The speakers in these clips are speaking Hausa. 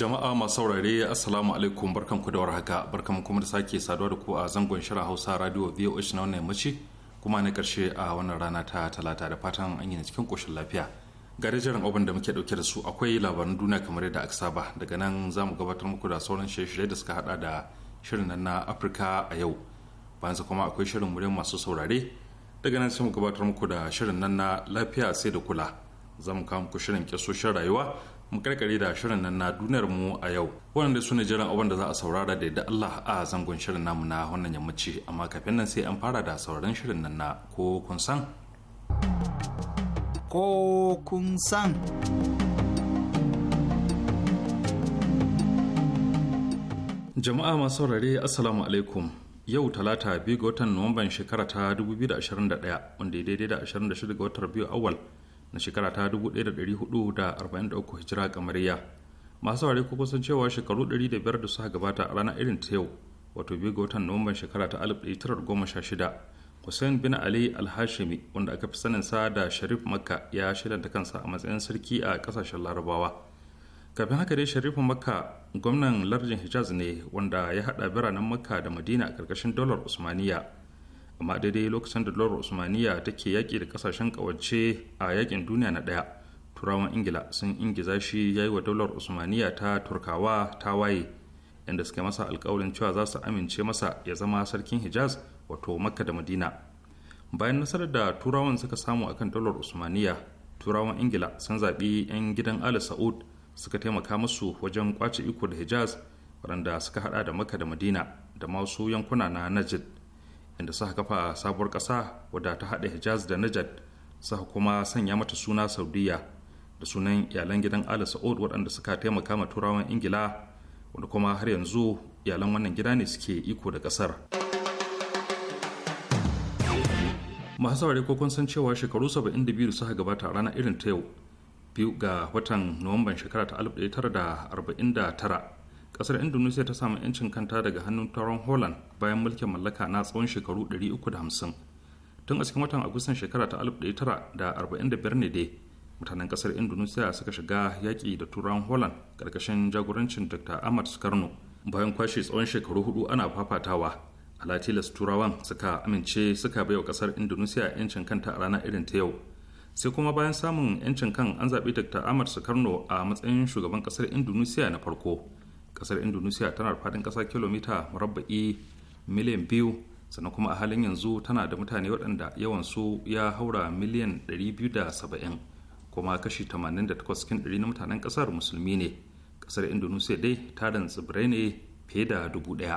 jama'a masu saurare assalamu alaikum barkan ku da warhaka barkan kuma da sake saduwa da ku a zangon shirin hausa radio voa na wannan yammaci kuma na karshe a wannan rana ta talata da fatan an yi cikin koshin lafiya ga jiran abin da muke dauke da su akwai labaran duniya kamar yadda aka saba daga nan za mu gabatar muku da sauran shirye-shirye da suka hada da shirin nan na afirka a yau bayan sa kuma akwai shirin muryar masu saurare daga nan sai mu gabatar muku da shirin nan na lafiya sai da kula za mu kawo muku shirin kyasoshin rayuwa mu da shirin nan na duniyar mu a yau wanda su ne jiran abin da za a saurara da yadda Allah a zangon shirin namu na wannan yammaci amma kafin nan sai an fara da sauraron shirin nan na ko kun san ko kun san jama'a masu saurare assalamu alaikum yau talata biyu ga watan nuwamban shekara ta 2021 wanda ya daidai da 26 ga watar biyu awal na shekara ta 1443 hijira kamariya masu saurari ko kusan cewa shekaru 500 da suka gabata a ranar irin ta yau wato biyu ga watan nuwamban shekara ta 1916 hussein bin ali alhashimi wanda aka fi sanin sa da sharif makka ya shilanta kansa a matsayin sarki a kasashen larabawa kafin haka dai sharif makka gwamnan lardin hijaz ne wanda ya hada biranen makka da madina a karkashin dolar usmaniya amma daidai lokacin da dolar usmaniya take yaƙi da kasashen ƙawance a yaƙin duniya na ɗaya turawan ingila sun ingiza shi ya yi wa dolar usmaniya ta turkawa ta waye inda suka masa alkawalin cewa za su amince masa ya zama sarkin hijaz wato makka da madina bayan nasarar da turawan suka samu akan dolar usmaniya turawan ingila sun zaɓi 'yan gidan ali sa'ud suka taimaka musu wajen kwace iko da hijaz waɗanda suka haɗa da makka da madina da masu yankuna na najd inda suka kafa sabuwar ƙasa wadda ta haɗa hijaz da najad suka kuma sanya mata suna saudiya da sunan iyalan gidan ali sa'ud waɗanda suka taimaka ma turawan ingila wanda kuma har yanzu iyalan wannan gida ne suke iko da ƙasar masu saurari ko kun san cewa shekaru 72 suka gabata a ranar irin ta yau biyu ga watan nuwamban shekara ta da tara. kasar indonesia ta samu 'yancin kanta daga hannun taron holland bayan mulkin mallaka na tsawon shekaru 350 tun a cikin watan agustan shekara ta 1945 ne dai mutanen kasar indonesia suka shiga yaƙi da turan holland ƙarƙashin jagorancin dr ahmad sukarno bayan kwashe tsawon shekaru hudu ana fafatawa alatilas turawan suka amince suka baiwa kasar indonesia 'yancin kanta a rana irin ta yau sai kuma bayan samun 'yancin kan an zaɓi dr ahmad sukarno a matsayin shugaban kasar indonesia na farko kasar indonesia tana faɗin ƙasa kilomita murabba'i miliyan biyu sannan kuma a halin yanzu tana da mutane waɗanda yawansu ya haura miliyan 270 kuma kashi 88 cikin 100 na mutanen ƙasar musulmi ne ƙasar indonesia dai tarin tsibirai ne fiye da dubu ɗaya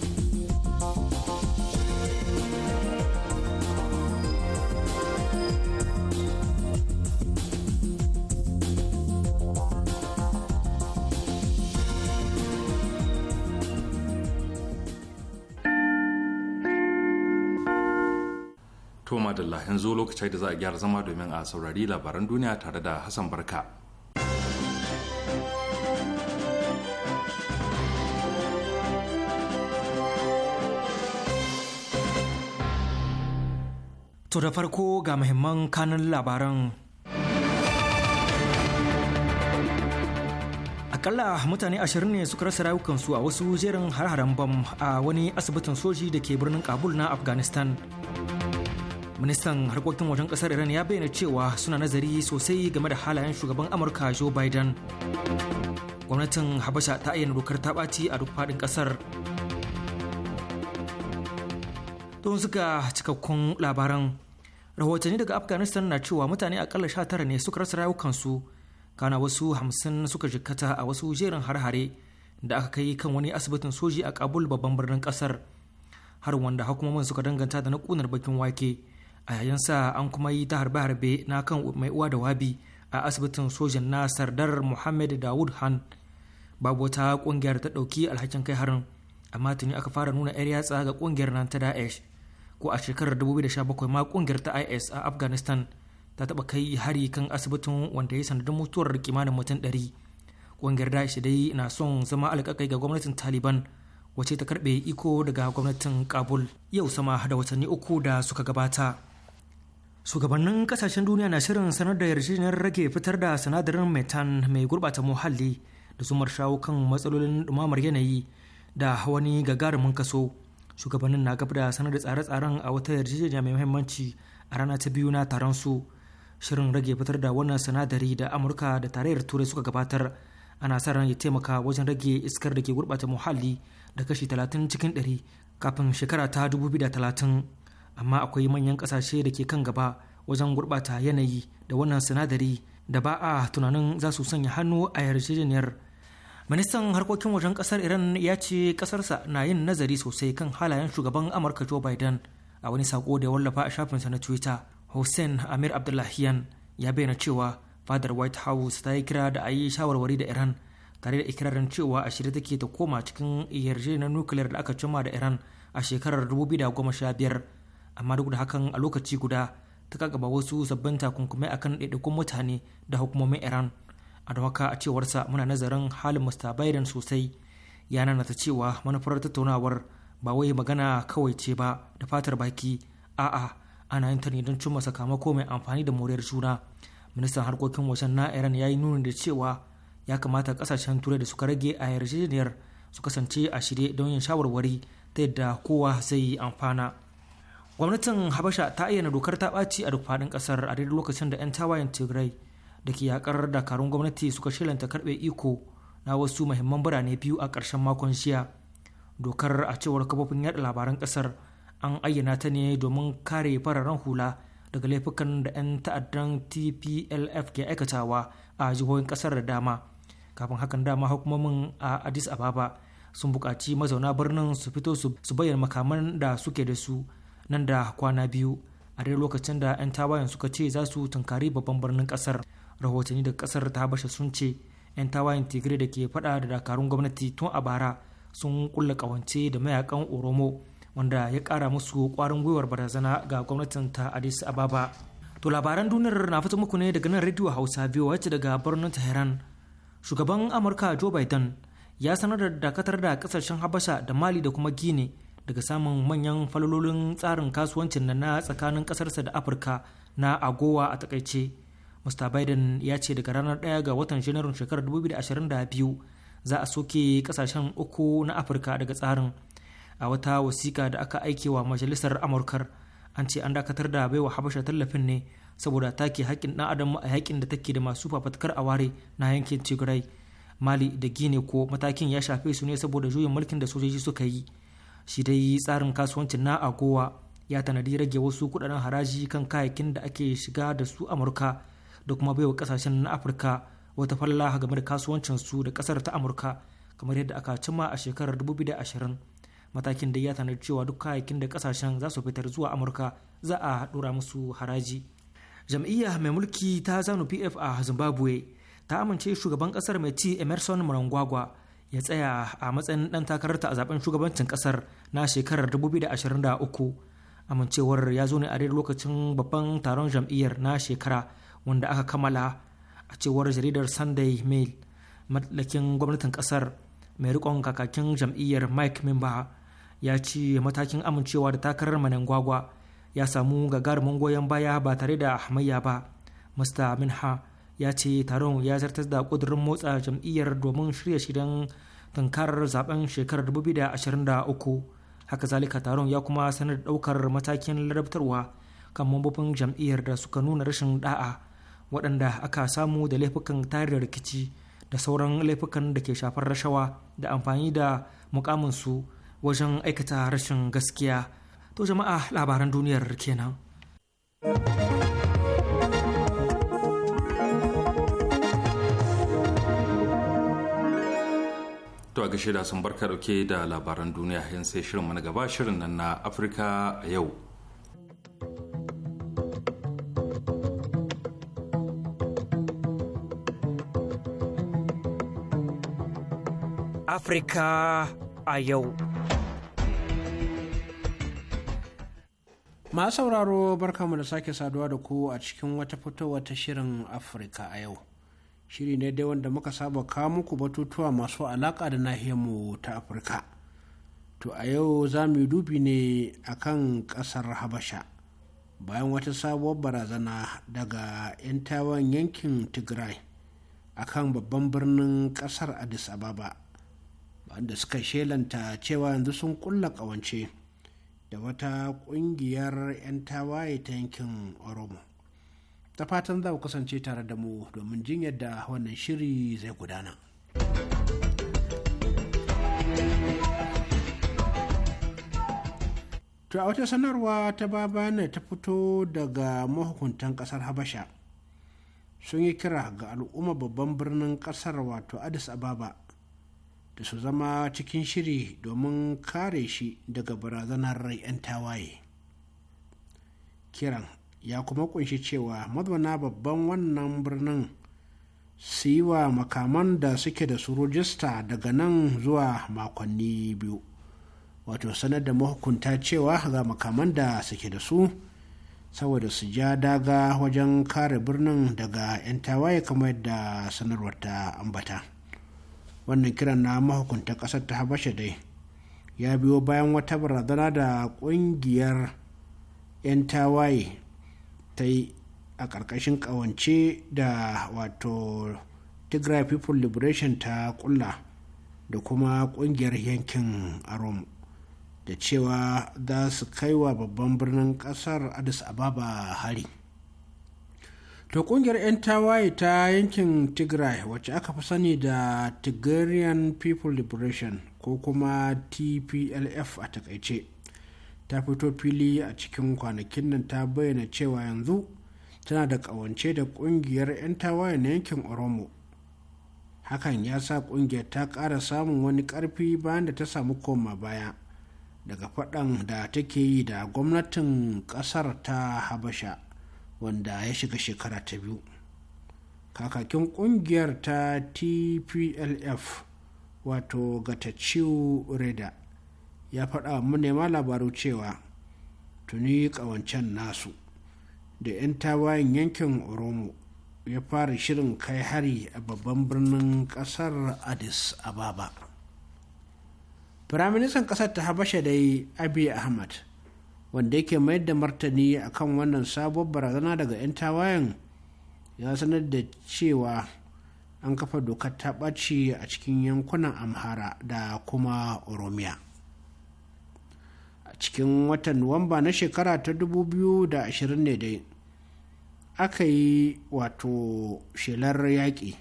To madalla yanzu lokacin da za a gyara zama domin a saurari labaran duniya tare da Hassan Barka. To da farko ga muhimman kanun labaran. Akalla mutane ashirin ne suka rasa rayukansu a wasu jerin har-haren bam a wani asibitin soji da ke birnin Kabul na Afghanistan. ministan harkokin wajen kasar iran ya bayyana cewa suna nazari sosai game da halayen shugaban amurka joe biden gwamnatin habasha ta ayyana dokar ta ɓaci a duk faɗin ƙasar don suka cikakkun labaran rahotanni daga afghanistan na cewa mutane akalla sha tara ne suka rasa rayukansu kana wasu hamsin suka jikkata a wasu jerin har-hare da aka kai kan wani asibitin soji a kabul babban birnin kasar har wanda hukumomin suka danganta da na kunar bakin wake a yayin sa an kuma yi ta harbe-harbe na kan mai uwa da wabi a asibitin sojan na sardar muhammad dawud han babu wata kungiyar ta ɗauki alhakin kai harin amma tuni aka fara nuna 'yar yatsa ga kungiyar nan ta daesh ko a shekarar 2017 ma kungiyar ta is a afghanistan ta taba kai hari kan asibitin wanda ya sanadin mutuwar kimanin mutum 100 kungiyar daesh dai na son zama alƙaƙai ga gwamnatin taliban wace ta karɓe iko daga gwamnatin kabul yau sama da watanni uku da suka gabata shugabannin kasashen duniya na shirin sanar da yarjejeniyar rage fitar da sinadarin metan mai gurbata muhalli da zumar shawo kan matsalolin dumamar yanayi da wani gagarumin kaso shugabannin na gaba da sanar da tsare-tsaren a wata yarjejeniya mai muhimmanci a rana ta biyu na taron su shirin rage fitar da wannan sinadari da amurka da tarayyar turai suka gabatar ana sa ran ya taimaka wajen rage iskar da ke gurbata muhalli da kashi 30 cikin 100 kafin shekara ta 2030 amma akwai manyan ƙasashe da ke kan gaba wajen gurɓata yanayi da wannan sinadari da ba a tunanin za su sanya hannu a yarjejeniyar ministan harkokin wajen ƙasar iran ya ce ƙasarsa na yin nazari sosai kan halayen shugaban amurka joe biden a wani sako da ya wallafa a shafinsa na twitter hussein amir abdullahian ya bayyana cewa fadar white house ta yi kira da a yi shawarwari da iran tare da ikirarin cewa a shirye take ta koma cikin yarjejeniyar nukiliyar da aka cimma da iran a shekarar 2015 amma duk da hakan a lokaci guda ta kagaba wasu sabbin takunkumai akan ɗaiɗaikun mutane da hukumomin iran a don haka a cewarsa muna nazarin halin mr biden sosai ya nanata cewa manufar tattaunawar ba wai magana kawai ce ba da fatar baki a'a ana yin ta ne don cimma sakamako mai amfani da moriyar juna ministan harkokin wajen na iran ya yi nuni da cewa ya kamata kasashen turai da suka rage a yarjejeniyar su kasance a shirye don yin shawarwari ta yadda kowa zai yi amfana gwamnatin habasha ta ayyana dokar ta ɓaci a duk faɗin ƙasar a daidai lokacin da 'yan tawayen tigray da ke yakar dakarun gwamnati suka shilanta karɓe iko na wasu mahimman birane biyu a ƙarshen makon shiya dokar a cewar kafofin yaɗa labaran ƙasar an ayyana ta ne domin kare fararen hula daga laifukan da 'yan ta'addan tplf ke aikatawa a jihohin ƙasar da dama kafin hakan dama hukumomin a addis ababa sun buƙaci mazauna birnin su fito su bayyana makaman da suke da su nan da kwana biyu a dai lokacin da 'yan tawayen suka ce za su tunkari babban birnin kasar rahotanni da kasar ta habasha sun ce 'yan tawayen tigray da ke fada da dakarun gwamnati tun a bara sun kulla kawance da mayakan oromo wanda ya kara musu kwarin gwiwar barazana ga gwamnatin ta addis ababa to labaran duniyar na fito muku ne daga nan radio hausa biyu wacce daga birnin tehran shugaban amurka joe biden ya sanar da dakatar da kasashen habasha da mali da kuma gine daga samun manyan falalolin tsarin kasuwancin na tsakanin ƙasarsa da afirka na agowa a takaice mr biden ya ce daga ranar 1 ga watan janairun shekarar 2022 za a soke kasashen uku na afirka daga tsarin a wata wasiƙa da aka aike wa majalisar amurkar an ce an dakatar da baiwa habasha tallafin ne saboda take haƙƙin ɗan adam a yaƙin da take da masu fafatkar a ware na yankin tigray mali da gine ko matakin ya shafe su ne saboda juyin mulkin da sojoji suka yi shi dai tsarin kasuwancin na agowa ya tanadi rage wasu kudaden haraji kan kayayyakin da ake shiga da su amurka da kuma baiwa kasashen na afirka wata falla game da kasuwancin su da kasar ta amurka kamar yadda aka cimma a shekarar 2020 matakin da ya tanadi cewa duk kayayyakin da kasashen za su fitar zuwa amurka za a dora musu haraji jam'iyya mai mulki ta zanu pf a zimbabwe ta amince shugaban kasar mai ci emerson mnangagwa ya tsaya a matsayin ɗan takararta a zaben shugabancin ƙasar na shekarar 2023 amincewar ya zo ne a daidai lokacin babban taron jam'iyyar na shekara wanda aka kammala a cewar jaridar sunday mail matlakin gwamnatin ƙasar mai rikon kakakin jam'iyyar mike mimba ya ce matakin amincewa da takarar manangwagwa ya samu gagarumin goyon baya ba tare da hamayya ba mr minha ya ce taron ya zartar da ƙudurin motsa jam'iyyar domin shirya shirin tunkarar zaben shekarar 2023 haka zalika taron ya kuma sanar da ɗaukar matakin larabtarwa kan mambobin jam'iyyar da suka nuna rashin da'a waɗanda aka samu da laifukan tare rikici da sauran laifukan da ke shafar rashawa da amfani da mukaminsu wajen aikata rashin gaskiya to jama'a labaran duniyar kenan. To ga shida sun barka dauke da labaran duniya yan sai shirin mana gaba shirin nan na Afirka a yau. Afirka a yau. Masu sauraro barkamu da sake saduwa da ku a cikin wata fitowa ta shirin Afirka a yau. shiri ne dai wanda muka saba kawo muku batutuwa masu alaƙa da nahiyarmu ta afirka to a yau za mu yi dubi ne akan ƙasar habasha bayan wata sabuwar barazana daga 'yan tawan yankin tigray akan babban birnin ƙasar addis ababa wanda suka shelanta cewa yanzu sun kulla ƙawance da wata ƙungiyar 'yan tawaye ta yankin oromo da fatan za ku kasance tare da mu domin jin yadda wannan shiri zai gudana. To a wata sanarwa ta babane ta fito daga mahukuntan kasar Habasha sun yi kira ga al'umma babban birnin kasar wato Addis Ababa da su zama cikin shiri domin kare shi daga barazanar 'yan tawaye. Kiran ya kuma kunshi cewa mazauna babban wannan birnin su yi wa makaman da suke da su rajista daga nan zuwa makonni biyu wato sanar da mahukunta cewa ga makaman da suke da su saboda su ja daga wajen kare birnin daga 'yan tawaye kamar yadda sanarwar ta ambata wannan kiran na mahukunta ƙasar ta habasha dai ya biyo bayan wata barazana da ƙungiyar 'yan tawaye ta yi a ƙarƙashin ƙawance da wato tigray people liberation ta ƙulla da kuma ƙungiyar yankin arom da cewa za su kai wa babban birnin ƙasar addis ababa hari to ƙungiyar 'yan tawaye ta yankin tigray wacce aka fi sani da tigrayan people liberation ko kuma tplf a takaice ta fito fili a cikin kwanakin nan ta bayyana cewa yanzu tana da ƙawance da ƙungiyar 'yan tawaye na yankin oromo hakan ya sa ƙungiyar ta ƙara samun wani ƙarfi bayan da ta samu koma baya daga faɗan da take yi da gwamnatin ƙasar ta habasha wanda ya shiga shekara ta biyu kakakin ƙungiyar ta tplf wato gatacciw reda ya faɗa manema labaru cewa tuni ƙawancen nasu da 'yan tawayen yankin oromo ya fara shirin kai hari a babban birnin ƙasar addis ababa firaministan ƙasar ta habasha dai abiy ahmad wanda yake mayar da martani a kan wannan sabuwar barazana daga 'yan tawayen ya sanar da cewa an kafa dokar ta ɓaci a cikin yankunan amhara da kuma oromiya cikin watan nuwamba na shekara ta 2020 ne dai aka yi wato shelar yaƙi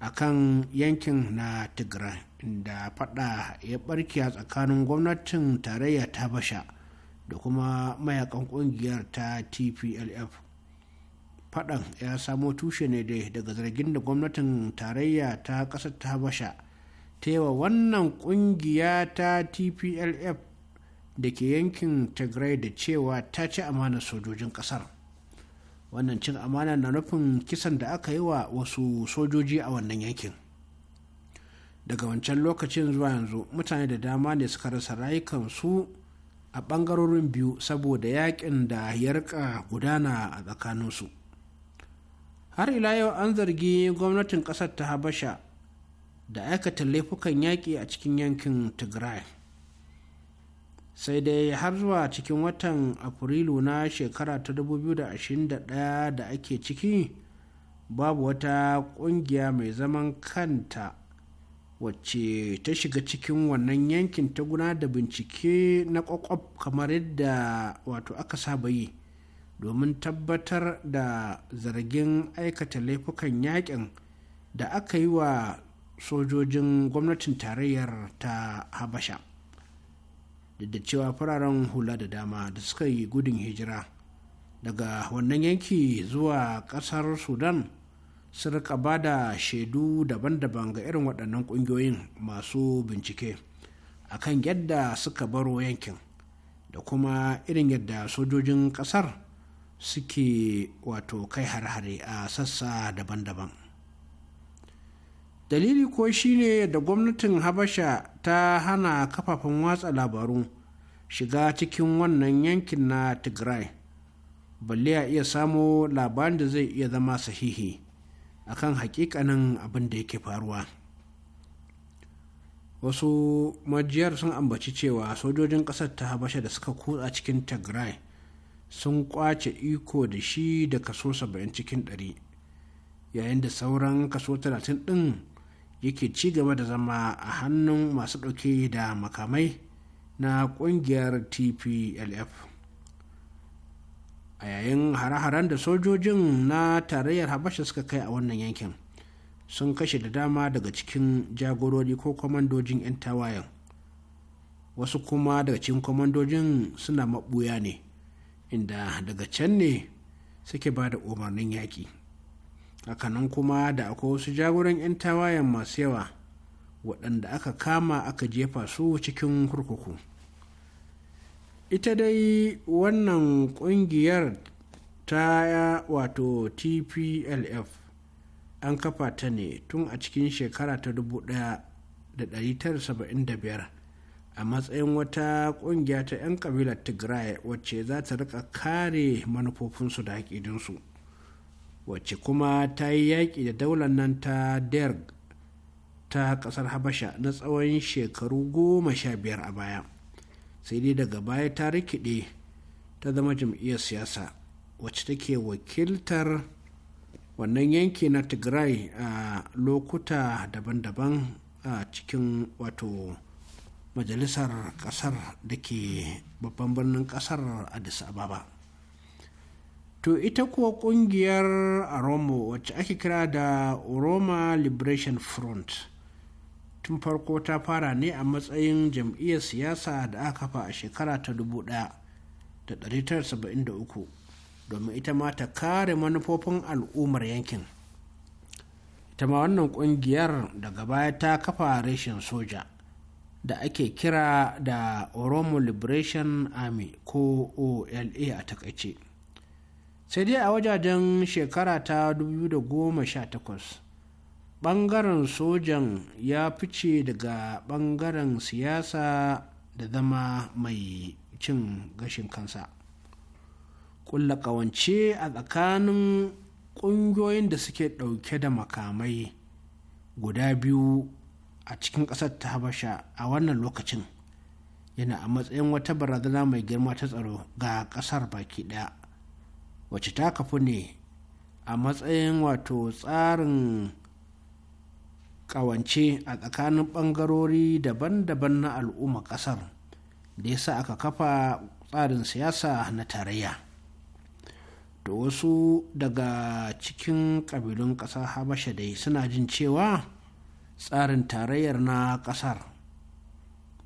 a kan yankin na tigray da fada ya barke a tsakanin gwamnatin tarayya ta basha da kuma mayakan kungiyar ta tplf fadan ya samo tushe ne dai daga zargin da gwamnatin tarayya ta ƙasar ta basha ta wannan kungiya ta tplf da ke yankin tigray da cewa ta ci amanar sojojin kasar wannan cin amana na nufin kisan da aka yi wa wasu sojoji a wannan yankin daga wancan lokacin zuwa yanzu mutane da dama ne suka rasa rayukansu a ɓangarorin biyu saboda yakin da ya rika gudana a tsakaninsu har ila yau an zargi gwamnatin ƙasar ta habasha da aikata laifukan yaƙi a cikin yankin tigray sai dai har zuwa cikin watan afrilu na shekara ta 2021 da ake ciki babu wata kungiya mai zaman kanta wacce ta shiga cikin wannan yankin ta guna da bincike na kwakwab kamar yadda wato aka saba yi domin tabbatar da zargin aikata laifukan yakin da aka yi wa sojojin gwamnatin tarayyar ta habasha da cewa fararen hula da dama da suka yi gudun hijira daga wannan yanki zuwa kasar sudan sun rika ba da shaidu daban-daban ga irin waɗannan ƙungiyoyin masu bincike a kan yadda suka baro yankin da kuma irin yadda sojojin ƙasar suke wato kai har-hare a sassa daban-daban dalili ko shine da gwamnatin habasha ta hana kafafen watsa labaru shiga cikin wannan yankin na tigray balle a iya samu labarin da zai iya zama sahihi akan hakikanin abin da yake faruwa wasu majiyar sun ambaci cewa sojojin ƙasar ta habasha da suka kutsa cikin tigray sun kwace iko da shi da kaso 70 cikin 100 yayin da sauran kaso 30 ɗin yake ci gaba da zama a hannun masu ɗauke da makamai na ƙungiyar tplf a yayin hare-haren da sojojin na tarayyar habasha suka kai a wannan yankin sun kashe da dama daga cikin jagorori ko kwamandojin 'yan tawayen wasu kuma daga cikin kwamandojin suna maɓuya ne inda daga can ne suke ba da umarnin yaƙi kanan kuma da akwai wasu jagoran 'yan tawayen masu yawa waɗanda aka kama aka jefa su cikin kurkuku ita dai wannan ƙungiyar ta wato tplf an kafa ta ne tun a cikin shekara ta 1975 a matsayin wata ƙungiya ta 'yan ƙabilar tigray wacce za ta rika kare manufofinsu da haƙidinsu wacce kuma ta yi yaƙi da daular nan ta derg ta ƙasar habasha na tsawon shekaru goma sha biyar a baya sai dai daga baya ta rikide ta zama jam'iyyar siyasa wacce take wakiltar wannan yanki na tigray a lokuta daban-daban a cikin wato majalisar ƙasar da ke babban birnin ƙasar addis ababa to ita kuwa kungiyar aromo wacce ake kira da Roma liberation front tun farko ta fara ne a matsayin jam'iyyar siyasa da aka kafa a shekara ta 1973 domin ita ma ta kare manufofin al'ummar yankin ita ma wannan kungiyar daga baya ta kafa reshen soja da ake kira da oromo liberation army ko ola a takaice sai dai a wajajen shekara ta 2018 ɓangaren sojan ya fice daga ɓangaren siyasa da zama mai cin gashin kansa ƙulla ƙawance a tsakanin ƙungiyoyin da suke ɗauke da makamai guda biyu a cikin ƙasar ta habasha a wannan lokacin yana a matsayin wata barazana mai girma ta tsaro ga ƙasar baki ɗaya wacce ta kafu ne a matsayin wato tsarin kawance a tsakanin bangarori daban-daban na al'umma kasar da ya sa aka kafa tsarin siyasa na tarayya da wasu daga cikin ƙabilun ƙasar habasha dai suna jin cewa tsarin tarayyar na ƙasar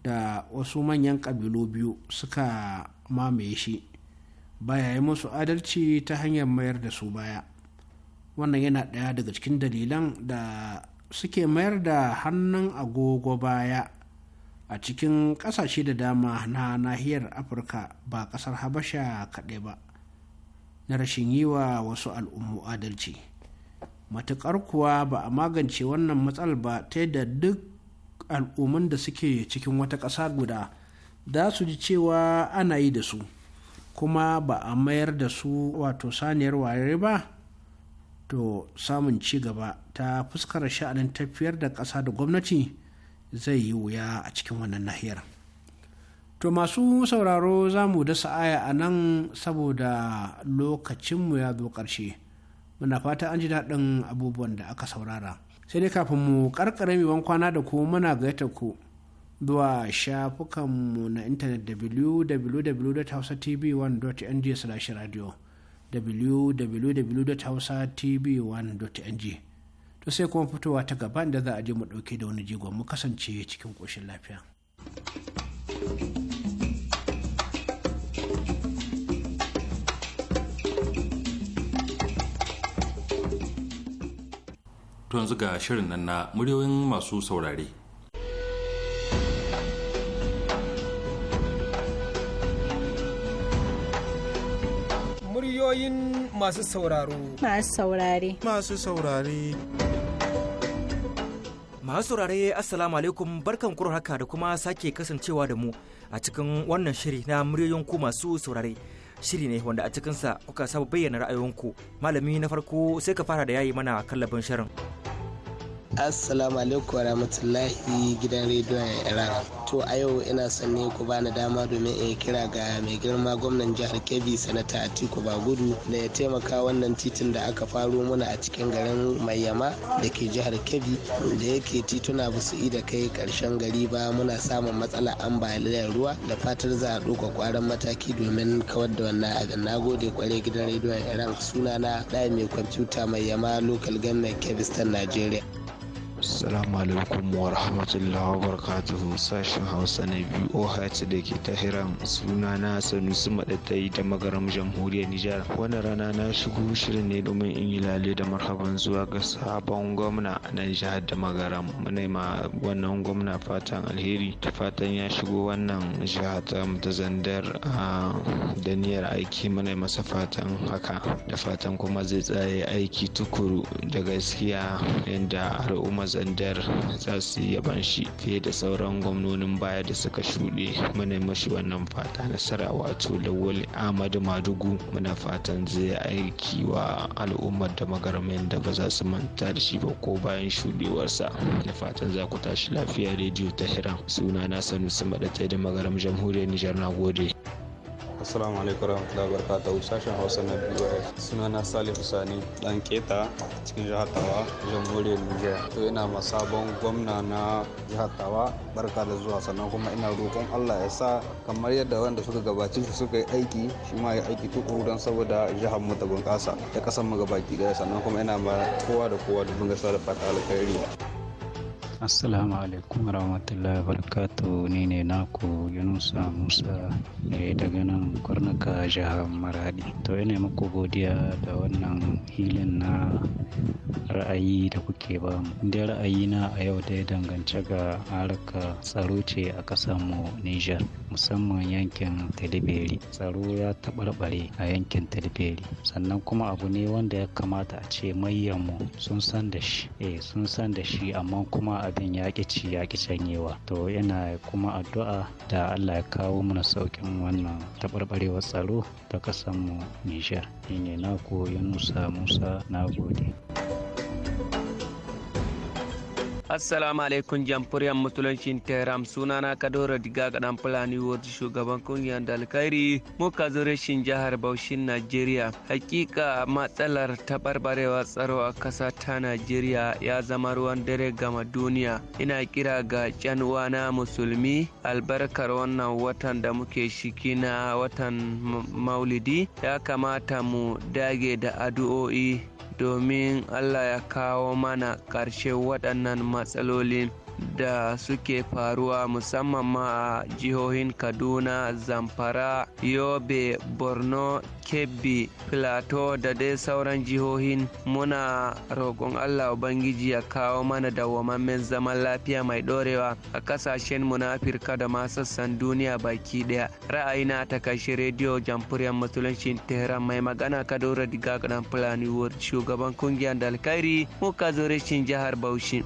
da wasu manyan ƙabilu biyu suka mamaye shi baya yi musu adalci ta hanyar mayar da su baya wannan yana ɗaya daga cikin dalilan da suke mayar da hannun agogo baya a cikin ƙasashe da dama na nahiyar afirka ba ƙasar habasha kaɗai ba na rashin yi wa wasu al'ummu adalci matuƙar kuwa ba a magance wannan matsal ba ta da duk al'umman da suke cikin wata ƙasa guda za su ji cewa ana yi da su kuma ba a mayar da su wato saniyar wayoyi ba to samun ci gaba ta fuskar sha'anin tafiyar da ƙasa da gwamnati zai yi wuya a cikin wannan nahiyar to masu sauraro za mu da sa'aya a nan saboda lokacinmu ya zo ƙarshe muna fata an ji daɗin abubuwan da aka saurara sai dai kafin mu karkare mai kwana da ku muna gayyata ku zuwa shafukanmu na intanet www.hausatv1.ng/radio www.hausatv1.ng to sai kuma fitowa ta gaba da za a je mu ɗauke da wani jigon mu kasance cikin koshin lafiya. yanzu ga shirin nan na muryoyin masu saurare. Ra'ayoyin masu sauraro. Masu saurare. Masu saurare. Masu saurare Assalamu alaikum barkan kuro haka da kuma sake kasancewa da mu a cikin wannan shiri na muryoyin ku masu saurare. Shiri ne wanda a cikinsa kuka saba bayyana ra'ayoyinku. Malami na farko sai ka fara da yayi mana kallabin shirin. assalamu alaikum warahmatullahi gidan rediyon iran to a yau ina son ne ku bani dama domin in kira ga mai girma gwamnan jihar kebbi sanata atiku bagudu da ya taimaka wannan titin da aka faro muna a cikin garin mayama da ke jihar kebbi da yake tituna ba su da kai karshen gari ba muna samun matsala ambaliyar ruwa da fatar za a ɗauka kwaran mataki domin kawar da wannan abin na gode kwarai gidan rediyon iran sunana ɗaya mai kwamfuta mai yama local government kebbi najeriya Assalamu alaikum wa rahmatullahi wa barakatuhu sashen Hausa na VOH da ke Tahiran suna na Sanusi Maɗaɗai da magaram jamhuriyar Nijar. Wannan rana na shigo shirin ne domin in yi lale da marhaban zuwa ga sabon gwamna na jihar da magaram. Muna ma wannan gwamna fatan alheri da fatan ya shigo wannan jihar ta zandar a da niyyar aiki muna masa fatan haka da fatan kuma zai tsaye aiki tukuru da gaskiya yadda al'umma zanjar za su yi yaban shi fiye da sauran gwamnonin baya da suka shuɗe muna mashi wannan fata nasara wato lawal ahmadu madugu muna fatan zai aiki wa al'ummar da magarmin da ba za su manta da shi ba ko bayan shuɗewarsa da fatan za ku tashi lafiya rediyo ta hiran suna na sanusi maɗatai da magaram jamhuriyar nijar na gode assalamu alaikum warahmatullahi wabarakatuh sashen hausa na bif sunana na salihu sani dan keta cikin jihar tawa jamhuriyar niger to ina ma sabon gwamna na jihar tawa barka da zuwa sannan kuma ina roƙon allah ya sa kamar yadda wanda suka gabaci su suka yi aiki shi ma ya aiki tukuru don saboda jihar mu ta bunƙasa ta ƙasar mu gabaki ɗaya sannan kuma ina ma kowa da kowa bunga sa da fata alkhairi Assalamu alaikum warahmatullahi wabarakatuh ni ne naku Yunusa Musa ne eh, daga nan kwarnaka jihar Maradi. To ina muku godiya da wannan hilin na ra'ayi da kuke ba mu. Da na a yau dai dangance ga harka tsaro ce a mu Niger. musamman yankin Tilibiri. Tsaro ya taɓarɓare a yankin Tilibiri. Sannan kuma abu ne wanda ya kamata a ce mayyanmu sun san da shi. Eh sun san da shi amma kuma a abin ya ci ya ki canyewa to yana kuma addu'a da allah ya kawo mana saukin wannan taɓarɓarewar tsaro ta mu nijar shine naku yunusa musa na gode Assalamu alaikum jamhuriyar mutulancin Tehran sunana Kadora Diga kadan Fulani wadda shugaban kungiyar Dalkairi muka zo rashin jihar Baushin Najeriya. Hakika matsalar tabarbarewa tsaro a kasa ta Najeriya ya zama ruwan dare gama duniya. Ina kira ga can na musulmi albarkar wannan watan da muke shiki na watan maulidi ya kamata mu dage da addu'o'i domin Allah ya kawo mana ƙarshen waɗannan matsalolin. da suke faruwa musamman ma a jihohin kaduna zamfara yobe borno kebbi filato da dai sauran jihohin muna roƙon allah ubangiji ya kawo mana dawwamammen zaman lafiya mai ɗorewa a ƙasashen mu na afirka da ma sassan duniya baki ɗaya ra'ayina ta kashi rediyo jamhuriyar musulunci tehran mai magana kadoro diga gadan fulani shugaban kungiyar dalkairi muka zo jihar bauchi.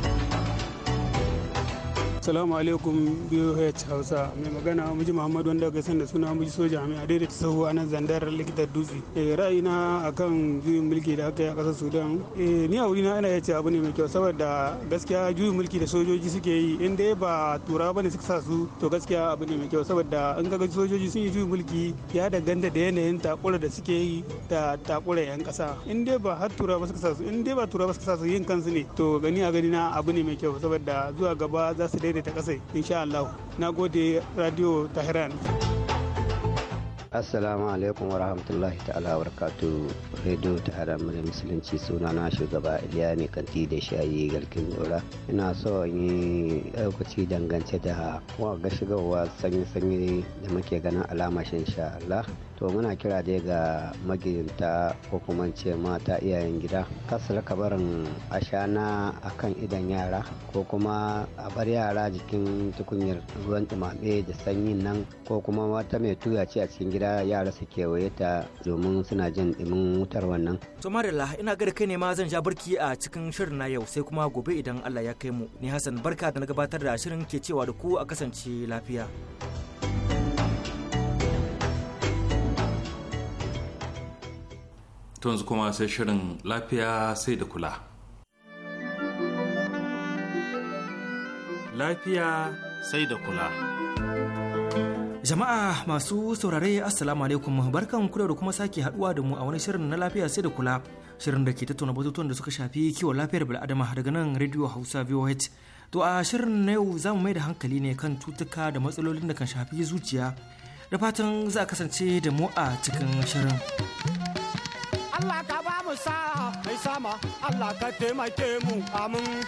Assalamu alaikum BOH Hausa. Mai magana Muji Muhammad wanda ga sanda suna Muji Soja mai adaidaita sahu a nan zandar likitar dutse. Eh ra'ayina kan juyin mulki da aka yi a ƙasar Sudan. Eh ni a wurina ina yace abu ne mai kyau saboda gaskiya juyin mulki da sojoji suke yi in dai ba tura ne suka sa su to gaskiya abu ne mai kyau saboda in ga sojoji sun yi juyin mulki ya danganta da yanayin takura da suke yi da takura yan ƙasa. In dai ba har tura ba suka sa su in dai ba tura ba suka sa su yin kansu ne to gani a gani na abu ne mai kyau saboda zuwa gaba za su daidai ta kasai insha Allah na gode radio Tehran assalamu alaikum warahmatullahi ta'ala barkatu radio ta haramun musulunci suna na shugaba iliya ne kanti da shayi garkin dora ina so yi lokaci dangance da ga shigarwa sanyi-sanyi da muke ganin alama sha Allah to muna kira dai ga magidanta ko kuma ce mata iyayen gida kasar kabarin ashana a kan idan yara ko kuma a bar yara jikin tukunyar ruwan ɗumame da sanyi nan ko kuma wata mai tuya ce a cikin gida yara su kewaye ta domin suna jin ɗimin wutar wannan. to marilla ina ga da kai ne ma zan ja barki a cikin shirin na yau sai kuma gobe idan allah ya kai mu ni hassan barka da na gabatar da shirin ke cewa da ku a kasance lafiya. to yanzu kuma sai shirin lafiya sai da kula lafiya sai da kula jama'a masu saurare assalamu alaikum barkan kula da kuma sake haduwa da mu a wani shirin na lafiya sai da kula shirin da ke tattauna batutuwan da suka shafi kiwon lafiyar bil'adama daga nan radio hausa voh to a shirin na yau za mu mai da hankali ne kan cutuka da matsalolin da kan shafi zuciya da fatan za a kasance da mu a cikin shirin. Allah ka ba mu sa mai sama Allah ka taimake mu amin.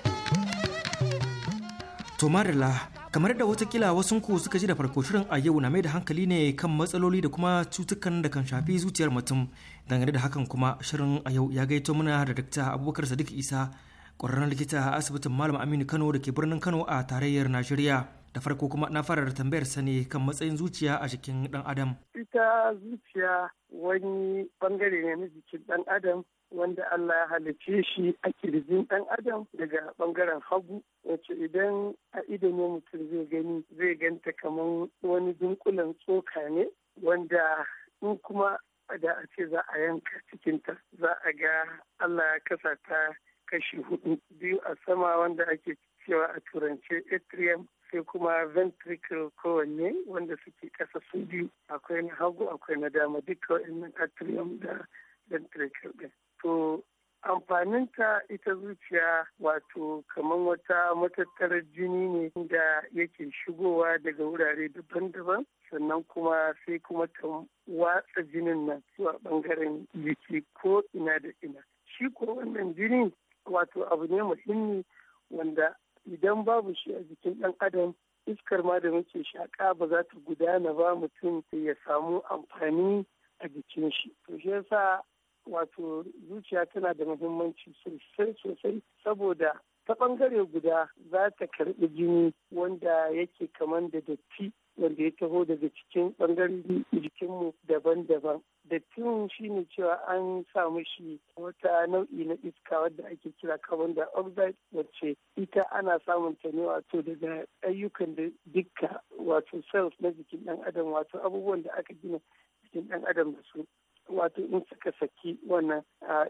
To Marila, kamar da watakila wasu ku suka ji da farko shirin a yau na mai da hankali ne kan matsaloli da kuma cutukan da kan shafi zuciyar mutum dangane da hakan kuma shirin a yau ya gaito muna da Dr. Abubakar Sadiq Isa ƙwararren likita a asibitin Malam Aminu Kano da ke birnin Kano a tarayyar Najeriya. da farko kuma na fara da tambayar sani kan matsayin zuciya a jikin dan adam ita zuciya wani bangare ne na jikin dan adam wanda Allah ya halicce shi a kirjin ɗan adam daga ɓangaren hagu wacce idan a ido mutum zai gani zai ganta kamar wani dunkulen tsoka ne wanda in kuma da a ce za a yanka cikin ta za a ga Allah ya kasa ta kashi hudu biyu a sama wanda ake cewa a turance atrium sai kuma ventricle kowanne wanda suke ƙasa su biyu akwai na hagu akwai na dama duka wa'annan atrium da ventricle ɗin to amfaninta ita zuciya wato kamar wata matattarar jini ne da yake shigowa daga wurare daban-daban sannan kuma sai kuma ta watsa jinin nan zuwa bangaren jiki ko ina da ina shi ko wannan jini wato abu ne muhimmi wanda idan babu shi a jikin ɗan adam iskar ma da muke shaƙa ba za ta gudana ba mutum ya samu amfani a jikin shi to shi yasa wato zuciya tana da muhimmanci sosai sosai saboda ta ɓangare guda za ta karɓi jini wanda yake kaman da datti wanda ya taho daga cikin ɓangaren jikinmu daban-daban. Dattin shi ne cewa an samu shi wata nau'i na iska wadda ake kira carbon dioxide wacce ita ana samun ta ne wato daga ayyukan da dukka wato cells na jikin ɗan adam wato abubuwan da aka gina jikin dan adam da su. wato in suka saki wannan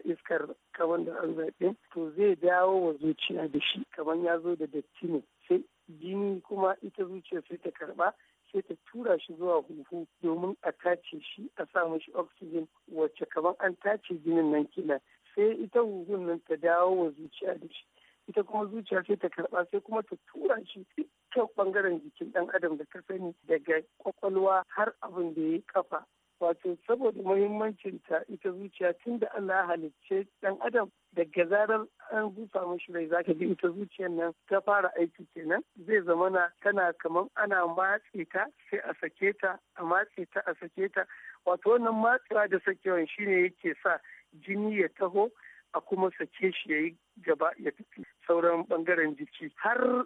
iskar carbon dioxide ɗin to zai dawo wa zuciya da shi kamar ya zo da datti ne sai jini kuma ita zuciya sai ta karɓa. sai ta tura shi zuwa huhu domin a tace shi a sa mashi oxygen wacce kamar an tace jinin nan kila sai ita huhun nan ta dawo wa zuciya da shi ita kuma zuciya sai ta karba sai kuma ta tura shi kyau bangaren jikin dan adam da ta sani daga kwakwalwa har abin da ya kafa wato saboda muhimmancinta ita zuciya tun da Allah halicce dan adam daga zarar an busa mashi rai zaka ji ita zuciyar nan ta fara aiki kenan zai zama na tana kamar ana matse ta sai a sake ta a matse ta a sake ta wato wannan matsewa da sakewan shine yake sa jini ya taho a kuma sake shi yayi gaba ya tafi sauran bangaren jiki har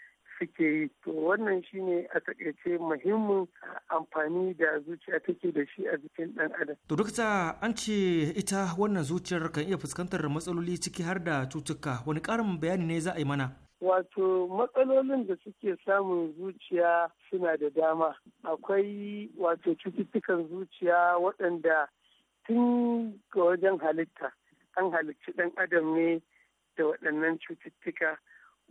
suke yi to wannan shine a takaice muhimmin amfani da zuciya take da shi a jikin dan adam to dokta an ce ita wannan zuciyar kan iya fuskantar matsaloli ciki har da cutuka wani karin bayani ne za a yi mana wato matsalolin da suke samun zuciya suna da dama akwai wato cututtukan zuciya waɗanda tun ga wajen halitta an halicci ɗan adam ne da waɗannan cututtuka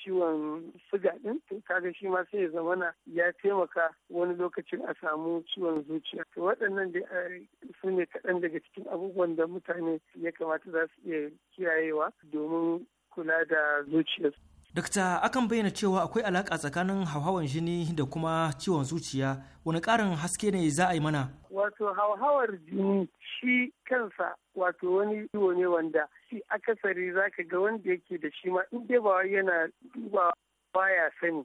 ciwon suga din to kaga shi ma sai ya zamana ya taimaka wani lokacin a samu ciwon zuciya to waɗannan da su ne kaɗan daga cikin abubuwan da mutane ya kamata za su iya kiyayewa domin kula da zuciyarsu Dokta akan bayyana cewa akwai alaƙa tsakanin hauhawar jini da kuma ciwon zuciya wani ƙarin haske ne za a yi mana. Wato hauhawar jini shi kansa wato wani ciwo ne wanda shi akasari zaka ga wanda yake da shi ma in dai ba yana duba baya sani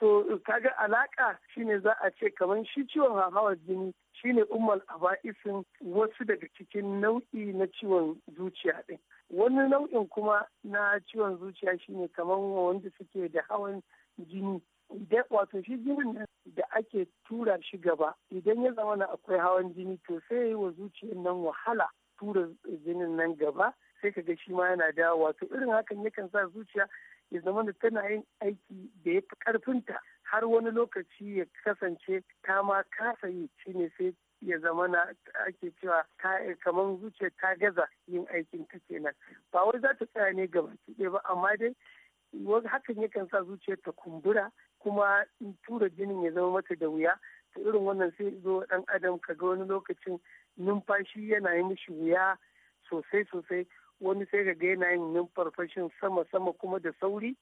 so kaga alaka shine za a ce kamar shi ciwon hawar jini shine ummal aba'isin wasu daga cikin nau'i na ciwon zuciya din wani nau'in kuma na ciwon zuciya shine kamar wanda suke da hawan jini idan wato shi jinin da ake tura shi gaba idan ya zama na akwai hawan jini to sai ya yi wa zuciyar nan wahala tura jinin nan gaba sai ka ga shi ma yana dawo wato irin hakan yakan sa zuciya ya zama da tana yin aiki da ya fi karfinta har wani lokaci ya kasance ta ma kasa yi shine sai ya zama na ake cewa ta kamar zuciya ta gaza yin aikin ta kenan ba wai za ta tsaya ne gaba ɗaya ba amma dai wani hakan yakan sa zuciya ta kumbura kuma in tura jinin ya zama mata da wuya ta irin wannan sai zo dan adam ka ga wani lokacin numfashi yana yi mishi wuya sosai sosai wani sai ga yana yin numfarfashin sama-sama kuma da sauri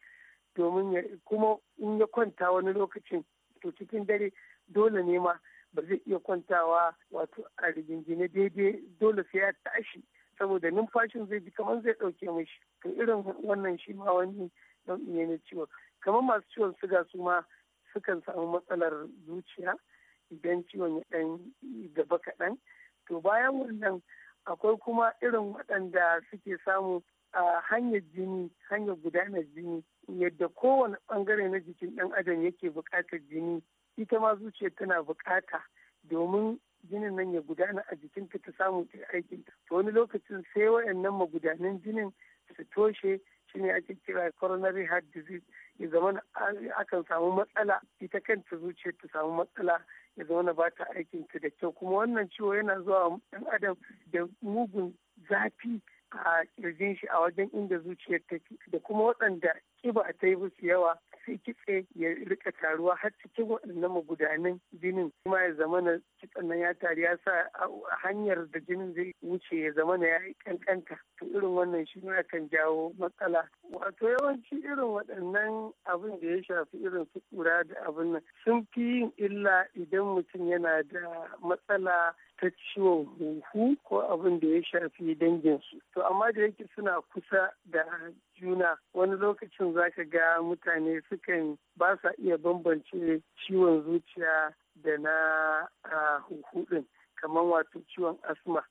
domin kuma in ya kwanta wani lokacin to cikin dare dole ne ma ba zai iya kwantawa wato a rigingine daidai dole sai ya tashi saboda numfashin zai ji kamar zai ɗauke mishi to irin wannan shi ma wani ne na ciwon kamar masu ciwon suga su ma sukan samu matsalar zuciya idan ciwon ya dan gaba kaɗan to bayan wannan akwai kuma irin waɗanda suke samu a hanyar jini hanyar gudanar jini yadda kowane ɓangare na jikin ɗan adam yake buƙatar jini ita ma zuciya tana buƙata domin jinin nan ya gudana a jikin ta samu ta aikin to wani lokacin sai waɗannan magudanan jinin su toshe shine ake kira coronary heart disease ya zama akan samu matsala ita kanta zuciya ta samu matsala ya zauna ba ta aikin ta da kyau kuma wannan ciwo yana zuwa ɗan adam da mugun zafi a kirjin shi a wajen inda zuciyar take da kuma waɗanda kiba ta yi musu yawa sai kitse ya rika taruwa har cikin waɗannan magudanan jinin kuma ya zama na sannan ya tari ya sa hanyar da jinin zai wuce ya zama na ya yi kankanta to irin wannan shi ne kan jawo matsala wato yawanci irin waɗannan abin da ya shafi irin su kura da abin nan sun fi yin illa idan mutum yana da matsala ta ciwon huhu ko abin da ya shafi danginsu. To amma da yake suna kusa da juna wani lokacin zaka ga mutane sukan ba sa iya bambance ciwon zuciya da na huhudin kamar wato ciwon asma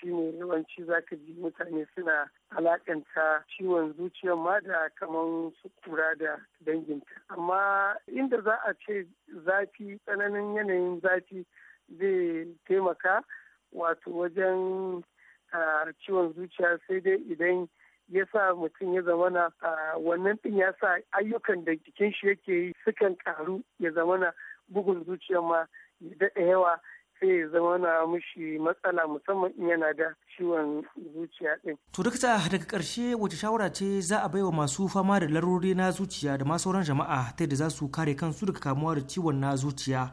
shi ne yawanci zaka ji mutane suna alakanta ciwon zuciya ma da kamar su kura da danginta amma inda za a ce zafi tsananin yanayin zafi zai taimaka wato wajen ciwon zuciya sai dai idan ya sa mutum ya zamana wannan ɗin ya sa ayyukan da jikin shi yake yi sukan karu ya zamana bugun zuciya ma ya daɗa yawa sai ya zama na mushi matsala musamman in yana da ciwon zuciya ɗin. To daga ƙarshe wace shawara ce za a baiwa masu fama da larurori na zuciya da ma sauran jama'a ta yadda za su kare kansu daga kamuwa da ciwon na zuciya.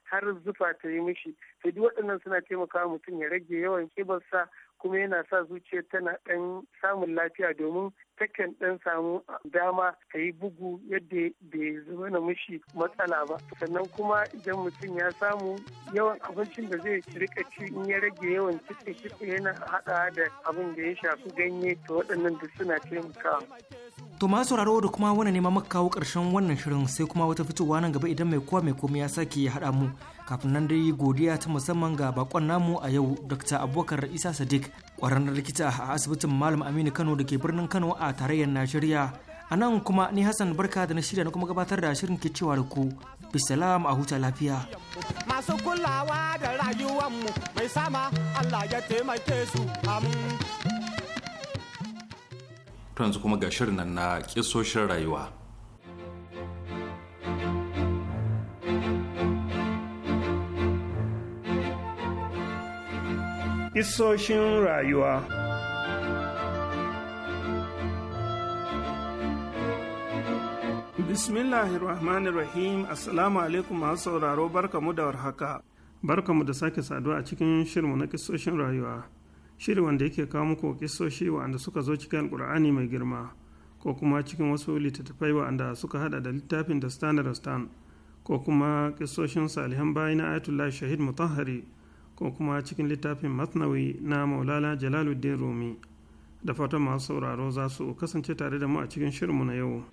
har zufa ta yi mishi sai duk waɗannan suna taimaka mutum ya rage yawan kibarsa kuma yana sa zuciyar tana ɗan samun lafiya domin takan ɗan samu ah, dama ta yi bugu yadda bai zama na mushi matsala ba sannan kuma idan mutum ya samu yawan abincin da zai rika ci in ya rage yawan kitse kitse yana haɗa da abin da ya shafi ganye to waɗannan duk suna taimakawa. To ma sauraro da kuma wani neman maka kawo ƙarshen wannan shirin sai kuma wata fitowa nan gaba idan mai kowa mai komai ya sake ya haɗa mu kafin nan dai godiya ta musamman ga bakon namu a yau dr abubakar isa sadiq kwararren likita a asibitin malam aminu kano da ke birnin kano a tarayyar najeriya a nan kuma ni hassan barka da na shirya na kuma gabatar da shirin ke cewa da ku bisalam a huta lafiya masu kulawa da rayuwanmu mai sama allah ya taimake su to yanzu kuma ga shirin nan na kisoshin rayuwa Kisoshin rayuwa Bismillahirrahmanirrahim Assalamu alaikum masu sauraro barkamu da warhaka. Barkamu da sake saduwa a cikin shirmu na kisoshin rayuwa. Shiri wanda yake kawo muku kisoshi wa'anda suka zo cikin alkur'ani mai girma ko kuma cikin wasu littattafai wa'anda suka haɗa da littafin da Stan ko kuma kisoshin salihan bayi na Ayatollah Shahid Mutahari ko kuma cikin littafin masnawi na maulana jalaluddin rumi da fatan masu sauraro za su kasance tare da mu a cikin shirinmu na yau.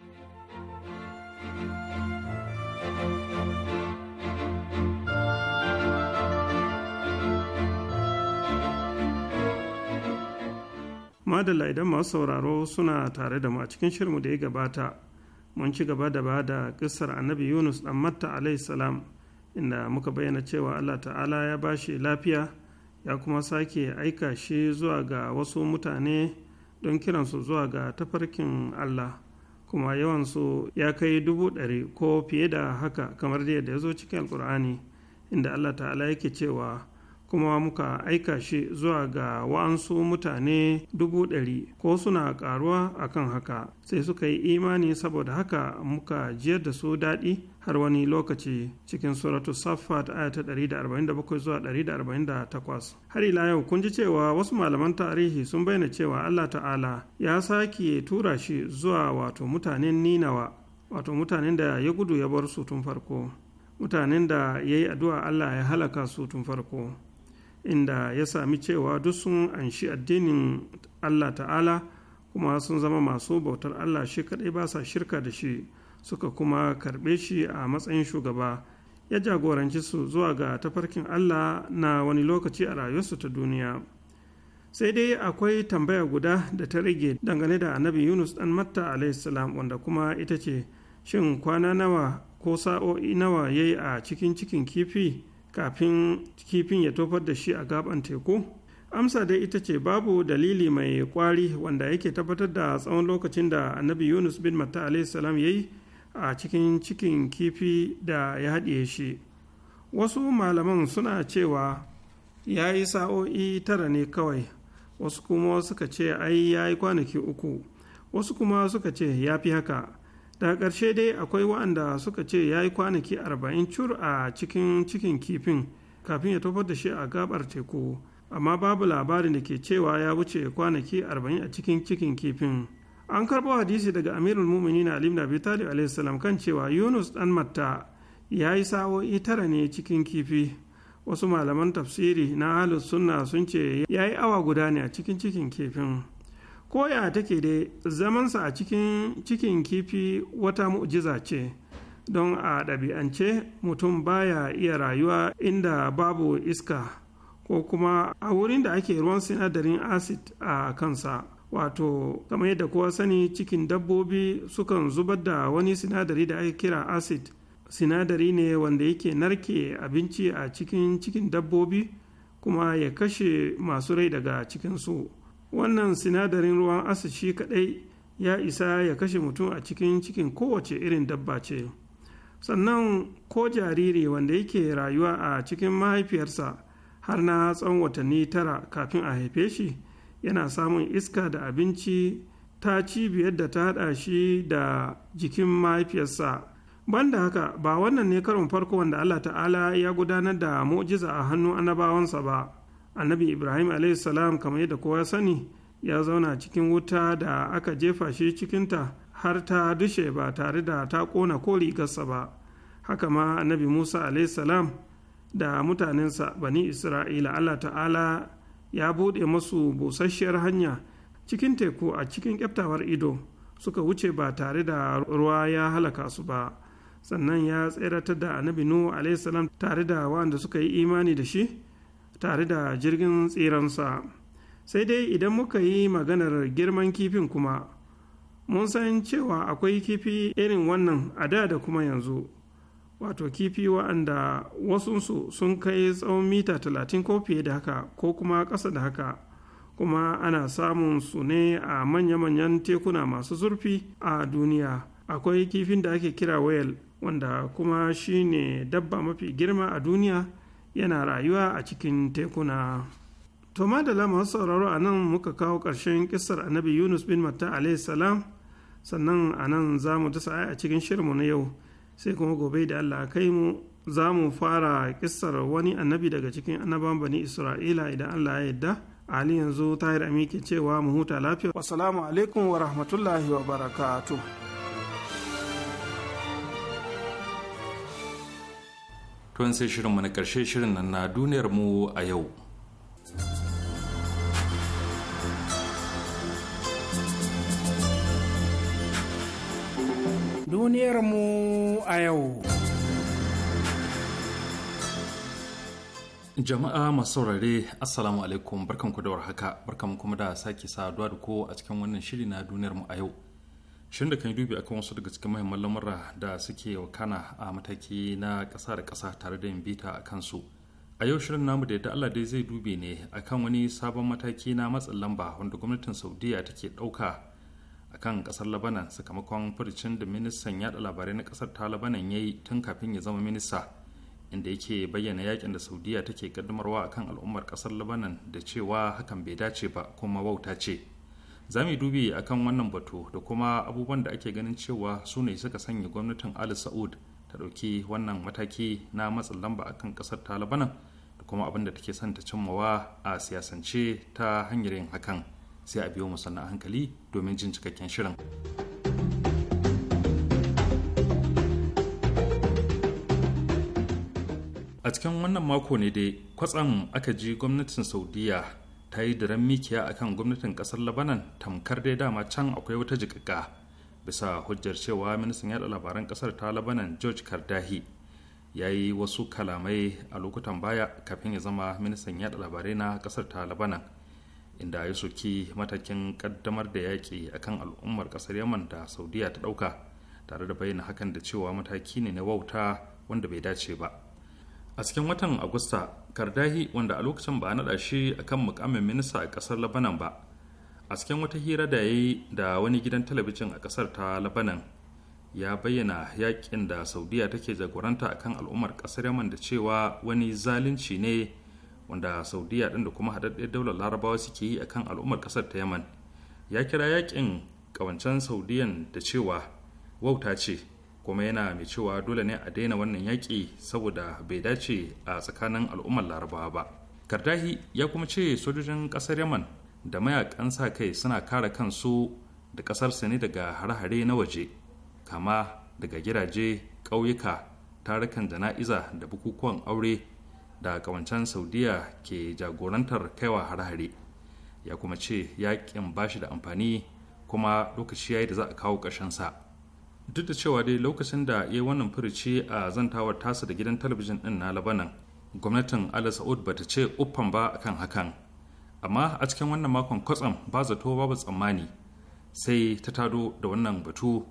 madalla idan masu sauraro suna tare da mu a cikin shirinmu da ya gabata mun ci gaba da ba da ƙisar annabi yunus dan matta alaihi salam inda muka bayyana cewa allah ta'ala ya ba shi lafiya ya kuma sake aika shi zuwa ga wasu mutane don kiransu zuwa ga tafarkin allah kuma yawansu ya kai dubu ɗari ko fiye da haka kamar da ya zo cikin alkur'ani inda allah ta'ala yake cewa kuma muka aika shi zuwa ga wa'ansu mutane dubu ɗari ko suna ƙaruwa kan haka sai suka yi imani saboda haka muka jiyar da su daɗi har wani lokaci cikin suratu saffat aya ta 147 zuwa 148 har ila yau kun ji cewa wasu malaman tarihi sun bayyana cewa allah ta'ala ya sake tura shi zuwa wato mutanen ninawa wato mutanen da ya gudu ya bar su tun farko mutanen da ya yi addu'a allah ya halaka su tun farko inda ya sami cewa duk sun anshi addinin allah ta'ala kuma sun zama masu bautar allah shi kadai ba sa shirka da shi suka kuma karɓe shi a matsayin shugaba ya jagoranci su zuwa ga tafarkin allah na wani lokaci a rayuwarsu ta duniya sai dai akwai tambaya guda da ta rage dangane da annabi yunus dan matta alaihissalam wanda kuma ita ce shin kwana nawa ko sa'o'i nawa ya yi a cikin cikin kifi kafin kifin ya tofar da shi a gaban teku amsa dai ita ce babu dalili mai kwari wanda yake tabbatar da tsawon lokacin da annabi yunus bin matta salam ya yi a cikin cikin kifi da ya haɗiye shi wasu malaman suna cewa ya yi sa'o'i tara ne kawai wasu kuma suka ce ai ya yi kwanaki uku wasu kuma suka ce ya fi haka da ƙarshe dai akwai wa'anda suka ce ya yi kwanaki arba'in cur a cikin cikin kifin kafin ya tofar da shi a gabar teku amma babu labarin da ke cewa ya wuce kwanaki arba'in a cikin cikin kifin an karɓo hadisi daga amirul mumini na alim abi bitali alaihissalam kan cewa yunus dan matta ya yi sa'o'i tara ne cikin kifi wasu malaman tafsiri na halin sunna sun ce ya yi awa guda ne a cikin cikin kifin koya take dai zamansa a cikin cikin kifi wata mu'jiza ce don a ɗabi'ance mutum baya iya rayuwa inda babu iska ko kuma a wurin da ake ruwan sinadarin acid a kansa wato kamar yadda kowa sani cikin dabbobi sukan zubar da wani sinadari da ake kira acid sinadari ne wanda yake narke abinci a cikin cikin dabbobi kuma ya kashe masu rai daga cikinsu wannan sinadarin ruwan asa shi kadai ya isa ya kashe mutum a cikin cikin kowace irin dabba ce sannan ko jariri wanda yake rayuwa a cikin mahaifiyarsa har na tsawon watanni tara kafin a haife shi yana samun iska da abinci ta cibiyar da ta haɗa shi da jikin mahaifiyarsa banda haka ba wannan ne karon farko wanda allah ta'ala ya gudanar da mu'jiza a hannu annabawansa ba annabi ibrahim salam kamar yadda kowa sani ya zauna cikin wuta da aka jefa shi cikinta har ta dushe ba tare da ta kona ko rigarsa ba haka ma annabi musa salam da mutanensa bani isra'ila allah ta'ala ya bude masu busasshiyar hanya cikin teku a cikin kyaftawar ido suka wuce ba tare da ruwa ya halaka su ba sannan ya tseratar da annabi nuhu salam tare da wanda suka yi imani da shi tare da jirgin tsiransa sai dai idan muka yi maganar girman kifin kuma mun san cewa akwai kifi irin wannan a da da kuma yanzu wato kifi wa'anda wasunsu sun kai tsawon mita talatin ko fiye da haka ko kuma ƙasa da haka kuma ana samun su ne a manya-manyan tekuna masu zurfi a duniya akwai kifin da ake kira whale wanda kuma shine dabba mafi girma a duniya yana rayuwa a cikin tekuna to madala masu sauraro a nan muka kawo ƙarshen kisar annabi yunus bin matta salam sannan a nan za mu dasa a cikin shirinmu na yau sai kuma gobe da allah kai mu za mu fara ƙisar wani annabi daga cikin annaban bani isra'ila idan allah ya yarda ali yanzu ta yi ke cewa mu huta lafiya wasalamu alaikum wa rahmatullahi wa barakatuh tuwan sai shirinmu na ƙarshe shirin nan na duniyar mu a yau duniyar mu a yau jama'a masu saurare assalamu alaikum barkanku da warhaka barkanku kuma da sake saduwa da ko a cikin wannan shiri na duniyar mu a yau shirin da kan yi dubi akan wasu daga cikin mahimman lamura da suke wakana a mataki na ƙasa da ƙasa tare da yin bita a kansu a yau shirin namu da yadda allah dai zai dubi ne akan wani sabon mataki na matsin lamba wanda gwamnatin saudiya take ɗauka akan ƙasar labanan sakamakon furcin da ministan yada labarai na ƙasar ta labanan ya yi tun kafin ya zama minista inda yake bayyana yakin da saudiya take kaddamarwa akan al'ummar ƙasar labanan da cewa hakan bai dace ba kuma wauta ce za mu yi dubi akan wannan batu da kuma abubuwan da ake ganin cewa su ne suka sanya gwamnatin ali sa'ud ta ɗauki wannan mataki na matsin lamba akan ƙasar ta da kuma abin da take son ta cimmawa a siyasance ta hanyar yin hakan sai a biyo mu sannan hankali domin jin cikakken shirin. a cikin wannan mako ne dai kwatsam aka ji gwamnatin saudiya ta yi diran mikiya a kan gwamnatin kasar labanan tamkar dai dama can akwai wata jikaka bisa hujjar cewa ministan yada labaran kasar ta labanan george kardahi ya yi wasu kalamai a lokutan baya kafin ya zama ministan yada labarai na kasar ta labanan inda ya soki matakin kaddamar da yaƙi a kan al'ummar kasar yaman da saudiya ta ɗauka tare da bayyana hakan da cewa mataki ne na wauta wanda bai dace ba a cikin watan agusta kardahi wanda a lokacin ba a naɗa shi akan mukamin minista a ƙasar labanan ba a cikin wata hira da ya yi da wani gidan talabijin a ƙasar ta labanan ya bayyana yakin da saudiya take jagoranta akan al'ummar ƙasar yaman da cewa wani zalunci ne wanda saudiya ɗin da kuma haɗaɗɗiyar daular larabawa suke yi akan al'ummar ƙasar ta yaman ya kira yakin ƙawancen saudiyan da cewa wauta ce kuma yana mai cewa dole ne a daina wannan yaƙi saboda bai dace a tsakanin al'ummar larabawa ba kardahi ya kuma ce sojojin ƙasar yaman da mayakan sa kai suna kare kansu da ƙasarsa ne daga hare-hare na waje kama daga gidaje ƙauyuka tarukan jana'iza da bukukuwan aure da kawancan saudiya ke jagorantar kaiwa hare-hare ya kuma ce yaƙin bashi da amfani kuma lokaci ya yi da za a kawo ƙashinsa. sa duk da cewa dai lokacin da ya yi wannan furuci a zantawar tasa da gidan talabijin din na labanan gwamnatin ala sa'ud bata ce uffan ba akan hakan amma a cikin wannan makon kwatsam ba zato babu tsammani sai ta tado da wannan batu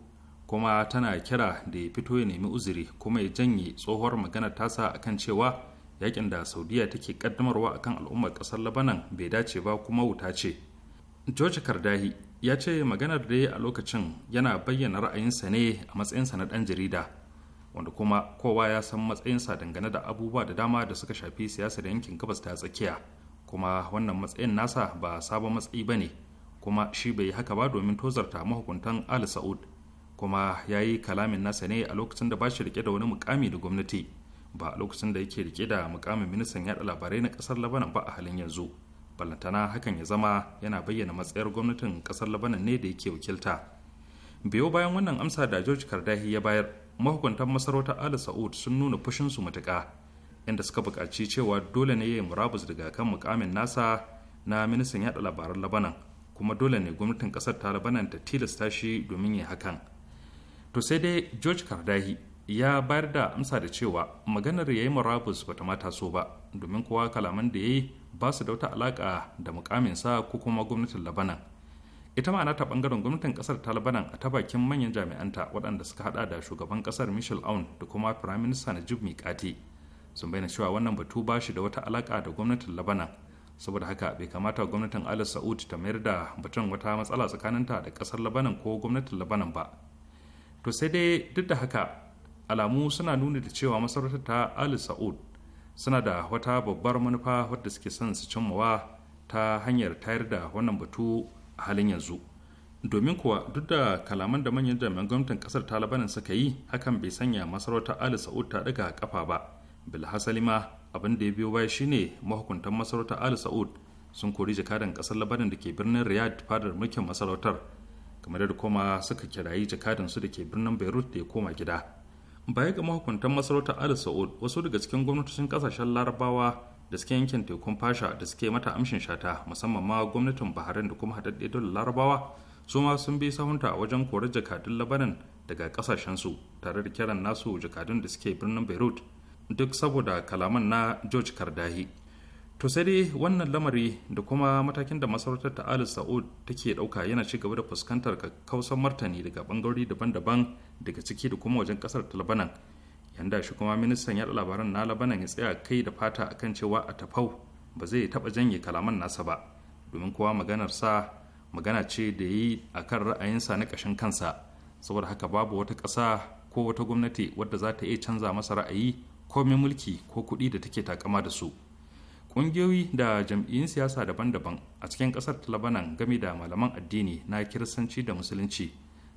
kuma tana kira da ya fito ya nemi uzuri kuma ya janye tsohuwar maganar tasa akan cewa yakin da saudiya take kaddamarwa akan al'ummar kasar labanan bai dace ba kuma wuta ce george kardahi ya ce maganar da ya a lokacin yana bayyana ra'ayinsa ne a matsayinsa na ɗan jarida wanda kuma kowa ya san matsayinsa dangane da abubuwa da dama da suka shafi siyasar yankin gabas ta tsakiya kuma wannan matsayin nasa ba sabon matsayi ba ne kuma shi bai yi haka ba domin tozarta mahukuntan al sa'ud kuma ya yi kalamin nasa ne a lokacin da ba shi rike da wani mukami da gwamnati ba a lokacin da yake rike da mukamin ministan yaɗa labarai na ƙasar labanan ba a halin yanzu ballantana hakan ya zama yana bayyana matsayar gwamnatin kasar labanan ne da yake wakilta biyo bayan wannan amsa da george kardahi ya bayar mahukuntan masarautar ali sa'ud sun nuna fushinsu matuka inda suka buƙaci cewa dole ne ya murabus daga kan mukamin nasa na ministan yaɗa labaran labanan kuma dole ne gwamnatin kasar ta labanan ta tilasta shi domin yi hakan to sai dai george kardahi ya bayar da amsa da cewa maganar ya murabus bata mata so ba domin kowa kalaman da ya yi ba su da wata alaƙa da mukaminsa ko kuma gwamnatin labanan ita ma ta bangaren gwamnatin kasar ta labanan a ta bakin manyan jami'anta waɗanda suka hada da shugaban kasar michel aun da kuma prime minister najib mikati sun bayyana cewa wannan batu ba shi da wata alaƙa da gwamnatin labanan saboda haka bai kamata gwamnatin ali saud ta mayar da batun wata matsala tsakaninta da kasar labanan ko gwamnatin labanan ba to sai dai duk da haka alamu suna nuna da cewa masarautar ta ali saud suna da wata babbar manufa wadda suke son su cimmawa ta hanyar tayar da wannan batu a halin yanzu domin kuwa duk da kalaman da manyan jami'an gwamnatin kasar talibanin suka yi hakan bai sanya masarautar ali sa'ud ta daga kafa ba bilhassali ma abin da ya biyo baya shine mahukuntan masarautar ali sa'ud sun kori jakadan kasar labanin da ke birnin riyadh fadar mulkin masarautar kamar da koma suka kirayi jakadan su da ke birnin beirut da ya koma gida bayan ga mahukuntan masarautar al saud wasu daga cikin gwamnatocin kasashen larabawa da suke yankin tekun fasha da suke mata amshin shata musamman ma gwamnatin baharin da kuma haɗaɗɗe dole larabawa su ma sun bi sahunta a wajen korar jakadun labanan daga kasashen su tare da kiran nasu jakadun da suke birnin beirut duk saboda kalaman na george kardahi to sai dai wannan lamari da kuma matakin da masarautar ta ali sa'ud take dauka yana ci gaba da fuskantar kausan martani daga bangarori daban-daban daga ciki da kuma wajen kasar ta labanan yanda shi kuma ministan yaɗa labaran na labanan ya tsaya kai da fata a kan cewa a tafau ba zai taɓa janye kalaman nasa ba domin kowa maganar magana ce da yi a kan ra'ayinsa na ƙashin kansa saboda haka babu wata ƙasa ko wata gwamnati wadda za ta iya canza masa ra'ayi ko mai mulki ko kuɗi da take takama da su ƙungiyoyi da jam'iyyun siyasa daban-daban a cikin ƙasar ta labanan game da malaman addini na kirsanci da musulunci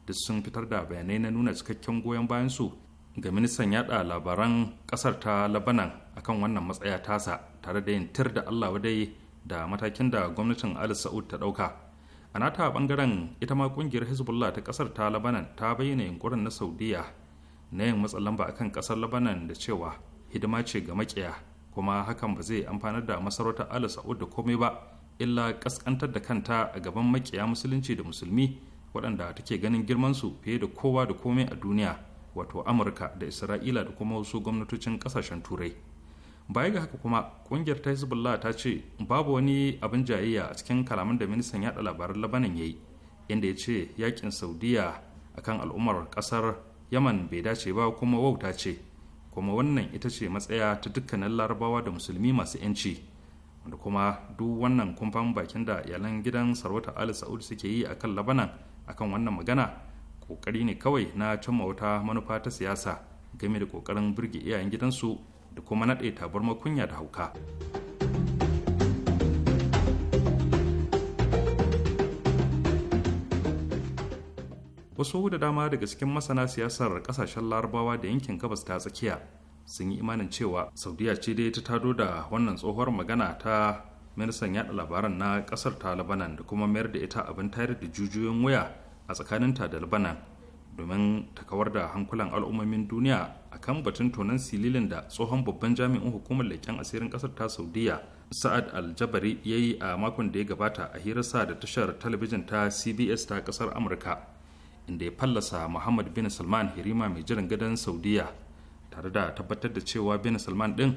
da sun fitar da bayanai na nuna cikakken goyon bayan su ga ministan yaɗa labaran ƙasar ta labanan akan wannan matsaya tasa tare da yin tir da allah wadai da matakin da gwamnatin ali sa'ud ta ɗauka a nata bangaren ita ma ƙungiyar hezbollah ta ƙasar ta labanan ta bayyana yunkurin na saudiya na yin matsalan ba akan ƙasar labanan da cewa hidima ce ga makiya kuma hakan ba zai amfanar da masarautar ala sa'ud da komai ba illa kaskantar da kanta a gaban makiya musulunci da musulmi waɗanda take ganin girmansu fiye da kowa da komai a duniya wato amurka da isra'ila da kuma wasu gwamnatocin ƙasashen turai baya ga haka kuma ƙungiyar ta hezbollah ta ce babu wani abin jayayya a cikin kalaman da ministan yaɗa labaran labanan ya yi inda ya ce yakin saudiya akan al'ummar ƙasar yaman bai dace ba kuma wauta ce kuma wannan ita ce matsaya ta dukkanin larabawa da musulmi masu 'yanci wanda kuma duk wannan kumfan bakin da iyalan gidan sarauta ali sa'ud suke yi a kan labanan akan wannan magana kokari ne kawai na cimma wata manufa ta siyasa game da kokarin burge iyayen gidansu da kuma naɗe tabarma kunya da hauka. wasu da dama daga cikin masana siyasar kasashen larabawa da yankin gabas ta tsakiya sun yi imanin cewa saudiya ce dai ta tado da wannan tsohuwar magana ta ministan yada labaran na kasar ta labanan da kuma mayar da ita abin tayar da jujuyoyin waya a tsakanin ta da labanan domin ta kawar da hankulan al'ummomin duniya a kan batun tonan sililin da tsohon babban jami'in hukumar leƙen asirin kasar ta saudiya sa'ad aljabari ya yi a makon da ya gabata a hirar sa da tashar talabijin ta cbs ta kasar amurka inda ya fallasa muhammad bin salman hirima mai jiran gadon saudiya tare da tabbatar da cewa bin salman din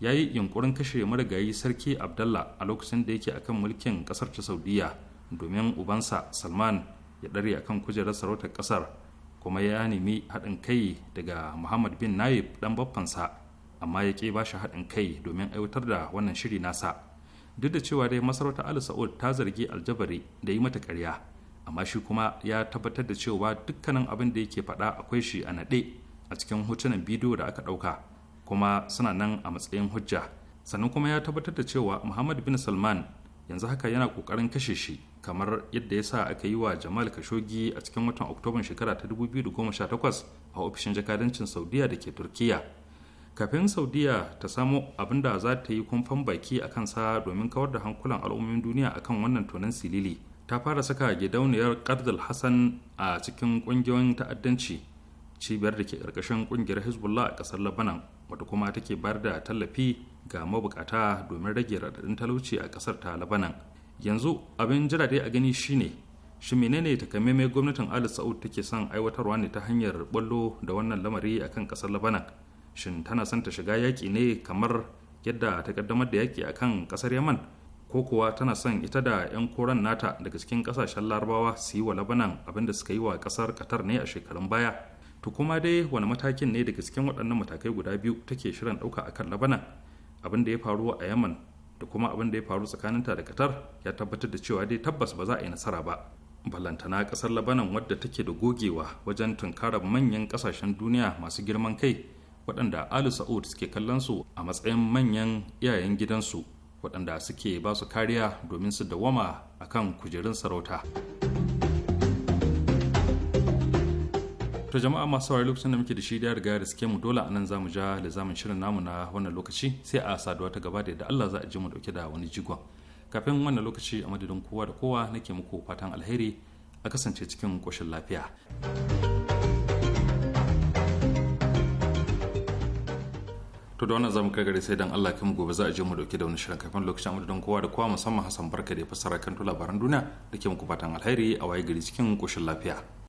ya yi yunkurin kashe marigayi sarki abdallah a lokacin da yake akan mulkin kasar ta saudiya domin ubansa salman ya dare akan kujerar sarautar kasar kuma ya nemi haɗin kai daga muhammad bin nayib dan baffansa amma ya ƙi bashi haɗin kai domin aiwatar da wannan shiri nasa duk da cewa dai masarautar ali sa'ud ta zargi aljabari da yi mata karya. amma shi kuma ya tabbatar da cewa dukkanin abin da yake faɗa akwai shi a naɗe a cikin hotunan bidiyo da aka ɗauka kuma suna nan a matsayin hujja sannan kuma ya tabbatar da cewa muhammad bin salman yanzu haka yana kokarin kashe shi kamar yadda ya sa aka yi wa jamal kashogi a cikin watan oktoban shekara ta 2018 a ofishin jakadancin saudiya da ke turkiya kafin saudiya ta samo abin da za ta yi kumfan baki a kansa domin kawar da hankulan al'ummomin duniya akan wannan tonon silili ta fara saka gidauniyar ƙardal hassan a cikin ƙungiyoyin ta'addanci cibiyar da ke ƙarƙashin ƙungiyar hezbollah a ƙasar labanan wata kuma take bayar da tallafi ga mabukata domin rage raɗaɗin talauci a ƙasar ta labanan yanzu abin jira a gani shine shi menene takamaimai gwamnatin ali sa'ud take son aiwatarwa ne ta hanyar ɓallo da wannan lamari a kan ƙasar labanan shin tana son ta shiga yaƙi ne kamar yadda ta kaddamar da yaƙi a kan ƙasar yaman ko kuwa tana son ita da 'yan koren nata daga cikin kasashen larabawa su yi wa labanan abin da suka yi wa kasar qatar ne a shekarun baya to kuma dai wani matakin ne daga cikin waɗannan matakai guda biyu take shirin ɗauka a kan labanan abin da ya faru a yaman da kuma abin da ya faru tsakaninta da qatar ya tabbatar da cewa dai tabbas ba za a yi nasara ba ballantana kasar labanan wadda take da gogewa wajen tunkarar manyan kasashen duniya masu girman kai waɗanda ali sa'ud suke kallon su a matsayin manyan iyayen gidansu waɗanda suke ba su kariya domin su dawama a kan kujerun sarauta to jama'a masu saurari lokacin da muke da shi da riga da suke mu dole anan zamu ja da zamun shirin namu na wannan lokaci sai a saduwa ta gaba da Allah za a ji mu dauke da wani jigon kafin wannan lokaci a madadin kowa da kowa nake muku fatan alheri a kasance cikin koshin lafiya. to da wannan zamu kai gare sai dan Allah kan gobe za a je mu dauke da wani shirin kafin lokacin mu don kowa da kowa musamman Hassan Barka da ya fassara kan labaran duniya da ke muku fatan alheri a waye gari cikin koshin lafiya